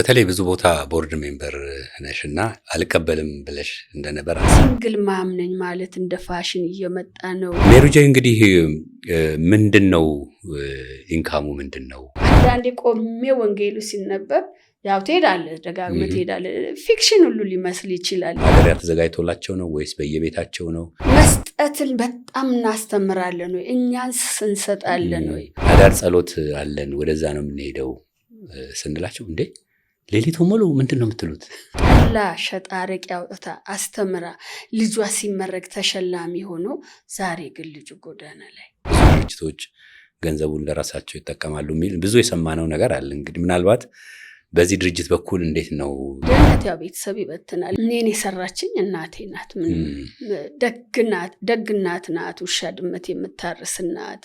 በተለይ ብዙ ቦታ ቦርድ ሜምበር ነሽ እና አልቀበልም ብለሽ እንደነበር ሲንግል ማም ነኝ ማለት እንደ ፋሽን እየመጣ ነው። ሜሩጃ እንግዲህ ምንድን ነው ኢንካሙ ምንድን ነው? አንዳንዴ ቆሜ ወንጌሉ ሲነበብ ያው ትሄዳለህ፣ ደጋግመህ ትሄዳለህ። ፊክሽን ሁሉ ሊመስል ይችላል። ማደሪያ ተዘጋጅቶላቸው ነው ወይስ በየቤታቸው ነው? መስጠትን በጣም እናስተምራለን ወይ እኛን ስንሰጣለን ወይ? አዳር ጸሎት አለን ወደዛ ነው የምንሄደው ስንላቸው እንዴ ሌሊቱ ሙሉ ምንድን ነው የምትሉት? ሁላ ሸጣረቂ አውጥታ አስተምራ ልጇ ሲመረቅ ተሸላሚ ሆኖ ዛሬ ግን ልጁ ጎዳና ላይ ድርጅቶች ገንዘቡን ለራሳቸው ይጠቀማሉ የሚል ብዙ የሰማነው ነገር አለ። እንግዲህ ምናልባት በዚህ ድርጅት በኩል እንዴት ነው ገነት? ያው ቤተሰብ ይበትናል። እኔን የሰራችኝ እናቴ ናት። ደግናት ደግናት ናት። ውሻ ድመት የምታርስናት።